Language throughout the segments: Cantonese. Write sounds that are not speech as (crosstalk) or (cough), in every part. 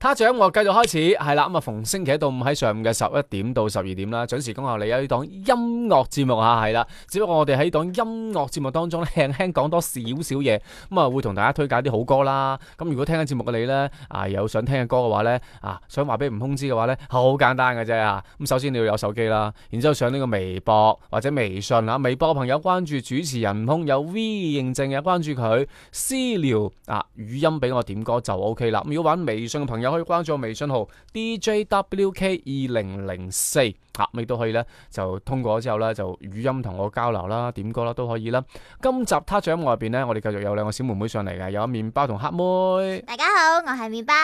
他掌我繼續開始係啦，咁啊逢星期一到五喺上午嘅十一點到十二點啦準時恭候你有呢檔音樂節目啊係啦，只不過我哋喺呢檔音樂節目當中咧輕輕講多少少嘢，咁啊會同大家推介啲好歌啦咁、嗯、如果聽緊節目嘅你呢，啊有想聽嘅歌嘅話呢，啊想話俾吳空知嘅話呢，好簡單嘅啫啊，咁首先你要有手機啦，然之後上呢個微博或者微信啊，微博嘅朋友關注主持人吳空有 V 認證嘅，關注佢私聊啊，語音俾我點歌就 OK 啦，咁如果玩微信嘅朋友。可以關注我微信號 DJWK 二零零四吓，你都可以咧，就通過咗之後咧，就語音同我交流啦，點歌啦都可以啦。今集他掌外邊咧，我哋繼續有兩個小妹妹上嚟嘅，有麵包同黑妹。大家好，我係麵包。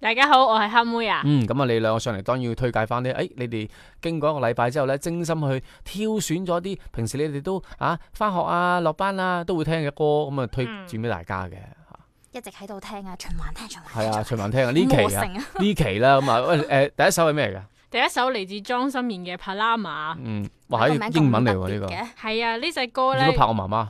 大家好，我係黑妹啊。嗯，咁啊，你兩個上嚟當然要推介翻咧。誒，你哋經過一個禮拜之後咧，精心去挑選咗啲平時你哋都啊翻學啊、落班啊都會聽嘅歌，咁啊推薦俾大家嘅。一直喺度聽啊，循環聽，循環係啊，循環聽啊，呢期啊，呢期啦咁啊，誒，第一首係咩嚟嘅？第一首嚟自莊心妍嘅《巴拿馬》。嗯，哇，喺英文嚟喎呢個。係啊，呢隻歌咧。你都拍我媽媽。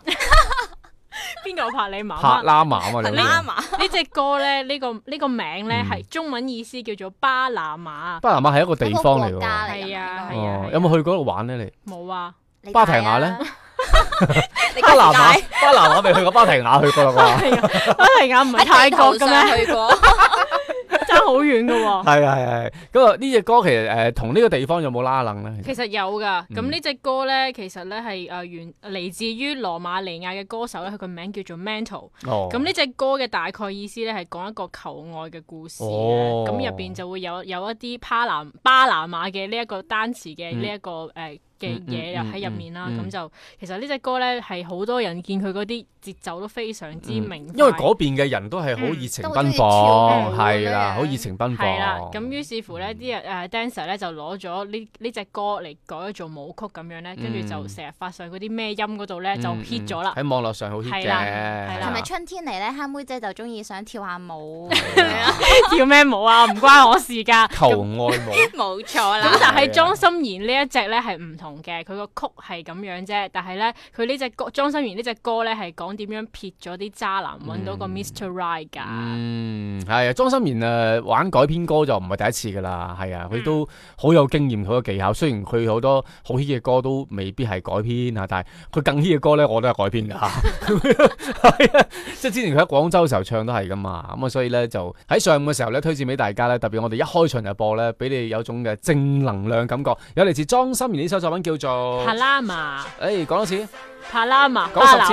邊個拍你媽媽？巴拿馬啊嘛，巴拿馬。呢隻歌咧，呢個呢個名咧，係中文意思叫做巴拿馬。巴拿馬係一個地方嚟，係啊係啊。有冇去嗰度玩咧？你冇啊？巴提亞咧？巴拿馬，巴拿馬未去過，巴提雅去過啦啩？芭提雅唔係泰國嘅咩？ (laughs) 去過，差好遠噶喎！啊，係係，咁啊呢隻歌其實誒同呢個地方有冇拉冷咧？其實有噶，咁呢隻歌咧其實咧係誒原嚟自於羅馬尼亞嘅歌手咧，佢個名叫做 Mantle。哦。咁呢隻歌嘅大概意思咧係講一個求愛嘅故事咧，咁入邊就會有有一啲巴拿巴拿馬嘅呢一個單詞嘅呢一個誒。嗯嗯嘅嘢又喺入面啦，咁就其實呢隻歌咧係好多人見佢嗰啲節奏都非常之明，因為嗰邊嘅人都係好熱情奔放，係啦，好熱情奔放。係啦，咁於是乎咧啲人誒 dancer 咧就攞咗呢呢隻歌嚟改咗做舞曲咁樣咧，跟住就成日發上嗰啲咩音嗰度咧就 hit 咗啦。喺網絡上好 hit 嘅，係啦，係咪春天嚟咧？黑妹姐就中意想跳下舞，跳咩舞啊？唔關我事㗎，求愛舞，冇錯啦。咁但係莊心妍呢一隻咧係唔同。嘅佢個曲係咁樣啫，但係咧佢呢隻歌莊心妍呢隻歌咧係講點樣撇咗啲渣男揾到個 Mr.Right 㗎、嗯。嗯，係啊，莊心妍誒玩改編歌就唔係第一次㗎啦。係啊，佢、嗯、都好有經驗，好有技巧。雖然佢好多好 hit 嘅歌都未必係改編啊，但係佢更 hit 嘅歌咧我都係改編㗎。係即係之前佢喺廣州嘅時候唱都係㗎嘛。咁、嗯、啊，所以咧就喺上午嘅時候咧推薦俾大家咧，特別我哋一開場就播咧，俾你有種嘅正能量感覺，有嚟自莊心妍呢首作品。叫做帕拉瑪，誒，講多次，帕拉瑪，講多次。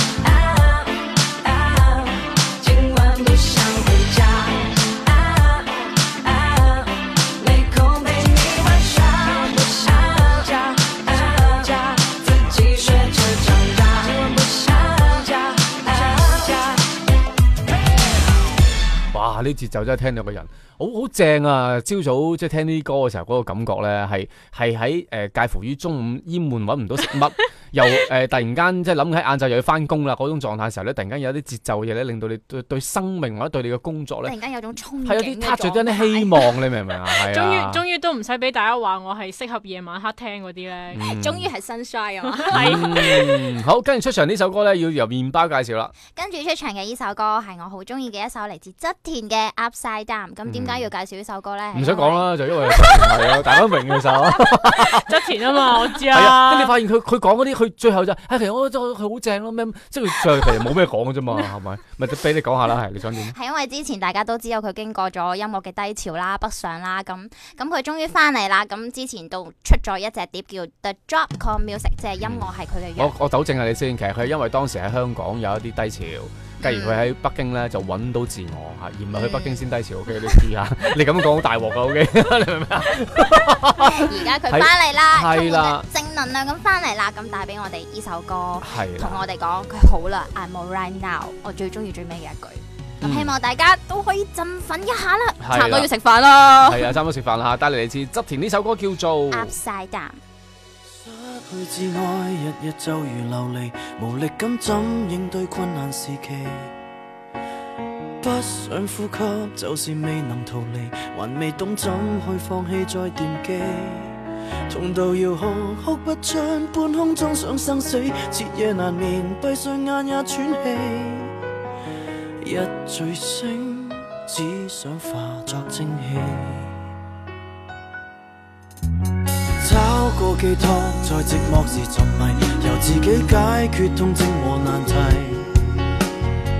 呢、啊、節奏真係聽到個人，好、哦、好正啊！朝早即係、就是、聽呢啲歌嘅時候，嗰、那個感覺咧係係喺誒，介乎於中午閂門揾唔到食乜。 (laughs) 又誒，突然間即係諗起晏晝又要翻工啦，嗰種狀態時候咧，突然間有啲節奏嘅嘢咧，令到你對對生命或者對你嘅工作咧，突然間有種衝勁，係有啲撻著啲希望，你明唔明啊？係。終於終於都唔使俾大家話我係適合夜晚黑聽嗰啲咧，終於係 sunshine 啊！係。好，跟住出場呢首歌咧，要由麵包介紹啦。跟住出場嘅呢首歌係我好中意嘅一首，嚟自側田嘅 Upside Down。咁點解要介紹呢首歌咧？唔使講啦，就因為係啊，大家明嘅首。側田啊嘛，我知啊。跟住發現佢佢講嗰啲。佢最後就係其實我覺得佢好正咯，咩即係佢最後其實冇咩講嘅啫嘛，係咪？咪俾 (laughs) 你講下啦，係你想點？係因為之前大家都知道佢經過咗音樂嘅低潮啦、北上啦，咁咁佢終於翻嚟啦，咁之前都出咗一隻碟叫 The Drop Call Music，即係音樂係佢哋。我我糾正下你先，其實係因為當時喺香港有一啲低潮。繼而佢喺北京咧就揾到自我嚇，而唔係去北京先低潮。O K，你試下，你咁講好大鑊噶 O K，你明唔明啊？而家佢翻嚟啦，充滿正能量咁翻嚟啦，咁帶俾我哋呢首歌，同我哋講佢好啦。I'm alright now，我最中意最尾嘅一句，希望大家都可以振奮一下啦。差唔多要食飯啦，係啊，差唔多食飯啦嚇。帶嚟嚟自側田呢首歌叫做 Upside 去自愛，日日就如流離，無力感怎應對困難時期？不想呼吸，就是未能逃離，還未懂怎去放棄，再惦記。痛到要哭，哭不出，半空中想生死，徹夜難眠，閉上眼也喘氣。一醉星，只想化作蒸氣。寄託，在寂寞時沉迷，由自己解決痛症和難題。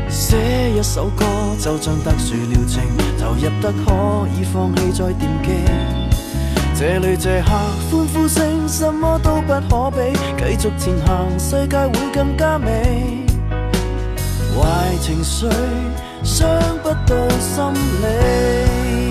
寫一首歌就像特殊療程，投入得可以放棄再惦記。這裏這刻歡呼聲什麼都不可比，繼續前行世界會更加美。壞情緒傷不到心理。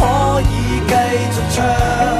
可以繼續唱。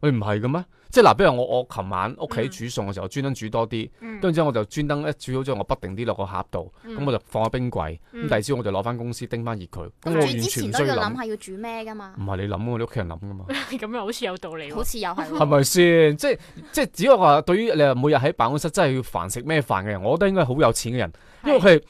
喂，唔係嘅咩？即係嗱，比如我我琴晚屋企煮餸嘅時候，我專登煮多啲，跟住之後我就專登一煮好之後，我不定啲落個盒度，咁我就放喺冰櫃。咁第二朝我就攞翻公司叮翻熱佢。咁煮之前都要諗下要煮咩噶嘛？唔係你諗啊，你屋企人諗噶嘛？咁又好似有道理喎。好似又係。係咪先？即係即係，只要話對於你每日喺辦公室真係要煩食咩飯嘅人，我覺得應該好有錢嘅人，因為佢。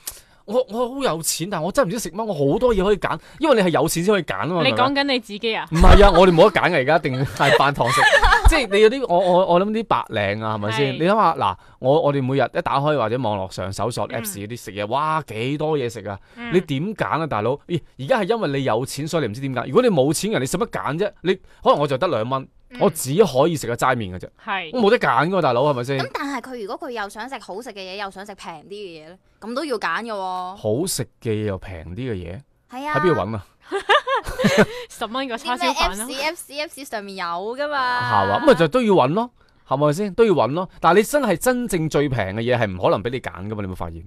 我我好有錢，但係我真係唔知食乜。我好多嘢可以揀，因為你係有錢先可以揀啊嘛。你講緊你自己啊？唔係啊，我哋冇得揀啊，而家一定係飯堂食。 (laughs) 即係你有啲，我我我諗啲白領啊，係咪先？你諗下嗱，我我哋每日一打開或者網絡上搜索 Apps 嗰啲食嘢，嗯、哇幾多嘢食啊！嗯、你點揀啊，大佬？而而家係因為你有錢，所以你唔知點揀。如果你冇錢人你使乜揀啫？你，你可能我就得兩蚊。嗯、我只可以食個齋麵嘅啫，是我冇得揀噶，大佬係咪先？咁但係佢如果佢又想食好食嘅嘢，又想食平啲嘅嘢咧，咁都要揀嘅喎。好食嘅嘢又平啲嘅嘢，係啊，喺邊度揾啊？十蚊個叉燒飯啦，F C F C 上面有噶嘛？係嘛？咁咪就都要揾咯，係咪先都要揾咯？但係你真係真正最平嘅嘢係唔可能俾你揀噶嘛？你冇發現？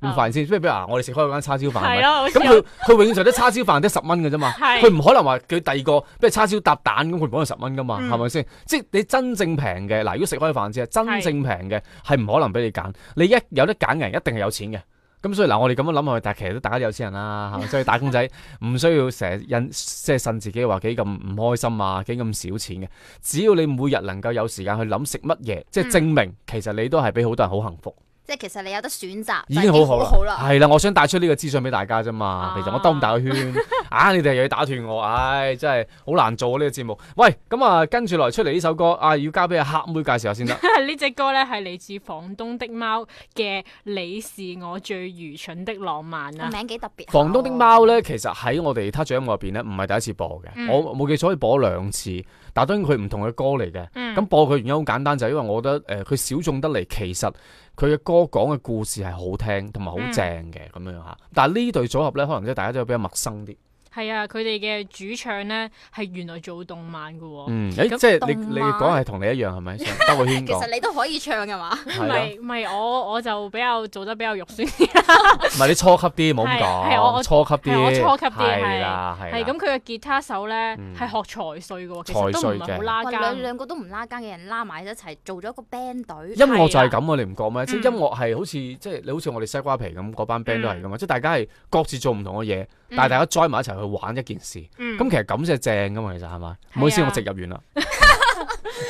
唔煩先？即係比如啊，我哋食開嗰間叉燒飯，咁佢佢永遠就啲叉燒飯得十蚊嘅啫嘛。佢唔是可能話佢第二個，比如叉燒搭蛋咁，佢唔可能十蚊噶嘛，係咪先？即係你真正平嘅嗱，如果食開飯先真正平嘅係唔可能俾你揀。是你一有得揀嘅人，一定係有錢嘅。咁所以嗱，我哋咁樣諗落去，但係其實都大家都有錢人啦，係咪？所以打工仔唔需要成日印，即係信自己話幾咁唔開心啊，幾咁少錢嘅。只要你每日能夠有時間去諗食乜嘢，即係證明、嗯、其實你都係俾好多人好幸福。即係其實你有得選擇，就是、已經好好啦，係啦，我想帶出呢個資訊俾大家啫嘛。啊、其實我兜咁大個圈， (laughs) 啊，你哋又要打斷我，唉、哎，真係好難做呢、啊這個節目。喂，咁啊，跟住來出嚟呢首歌啊，要交俾阿黑妹介紹下先得。 (laughs) 呢隻歌咧係嚟自房東的貓嘅《你是我最愚蠢的浪漫》啊，名幾特別。房東的貓咧，其實喺我哋他獎外邊咧，唔係第一次播嘅，嗯、我冇記錯，以播兩次，但係當然佢唔同嘅歌嚟嘅。嗯嗯咁播佢原因好簡單，就係、是、因為我覺得誒佢小眾得嚟，其實佢嘅歌講嘅故事係好聽同埋好正嘅咁、嗯、樣吓，但係呢對組合咧，可能即係大家都有比較陌生啲。係啊，佢哋嘅主唱咧係原來做動漫噶喎。嗯，哎，即係你你講係同你一樣係咪？得我先講。其實你都可以唱噶嘛，唔係唔係我我就比較做得比較肉酸啲。唔係你初級啲，冇咁講。我初級啲。我初級啲。係咁，佢嘅吉他手咧係學財稅噶喎，都唔係好拉。哇，兩兩個都唔拉更嘅人拉埋一齊做咗個 band 隊。音樂就係咁啊，你唔覺咩？即係音樂係好似即係你好似我哋西瓜皮咁，嗰班 band 都係噶嘛。即係大家係各自做唔同嘅嘢，但係大家 join 埋一齊。去玩一件事，咁、嗯、其實咁就係正噶嘛，其實係咪？唔、啊、好意思，我直入完啦。 (laughs)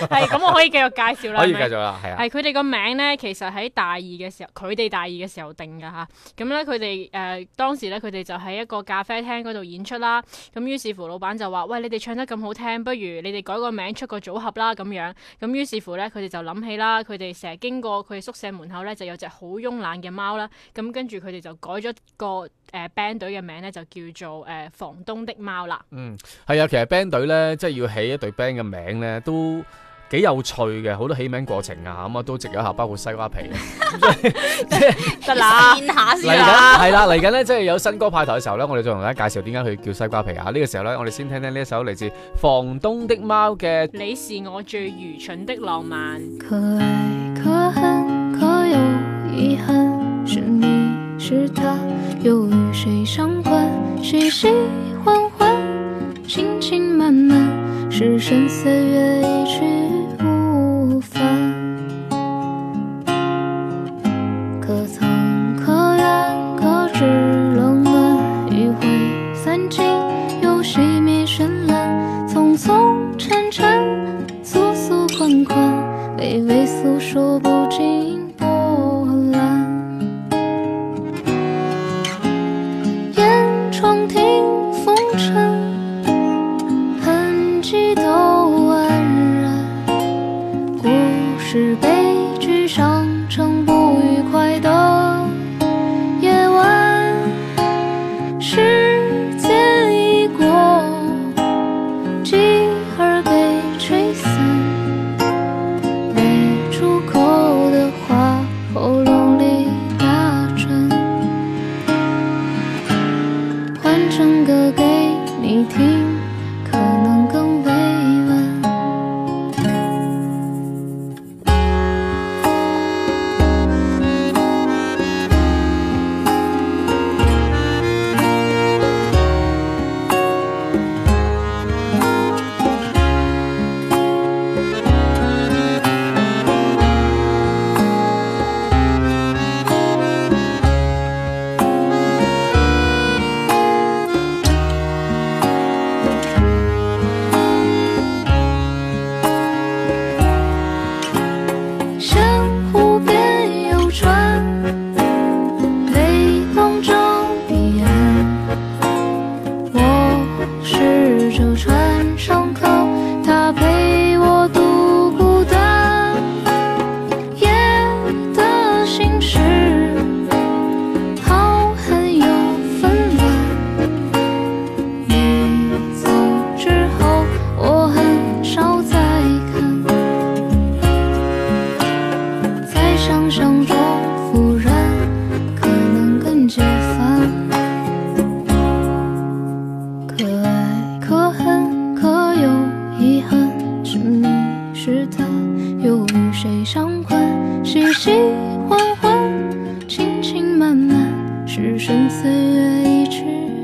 係咁， (laughs) 我可以繼續介紹啦。可以繼續啦，係佢哋個名咧，其實喺大二嘅時候，佢哋大二嘅時候定㗎吓，咁咧，佢哋誒當時咧，佢哋就喺一個咖啡廳嗰度演出啦。咁於是乎，老闆就話，喂，你哋唱得咁好聽，不如你哋改個名，出個組合啦咁樣。咁於是乎咧，佢哋就諗起啦。佢哋成日經過佢哋宿舍門口咧，就有隻好慵懶嘅貓啦。咁跟住佢哋就改咗個誒 band 隊嘅名咧，就叫做誒房東的貓啦。嗯，係啊，其實 band 隊咧，即係要起一隊 band 嘅名咧，都～幾有趣嘅，好多起名過程啊，咁啊都值咗下，包括西瓜皮、啊，嗯、得啦，嚟緊係啦，嚟緊呢，即係有新歌派台嘅時候呢，我哋再同大家介紹點解佢叫西瓜皮啊！呢、這個時候呢，我哋先聽聽呢一首嚟自《房東的貓》嘅《你是我最愚蠢的浪漫》。可愛可恨，可有遺憾？是你是他「你」誰誰昏昏「輕輕慢慢歲月一直。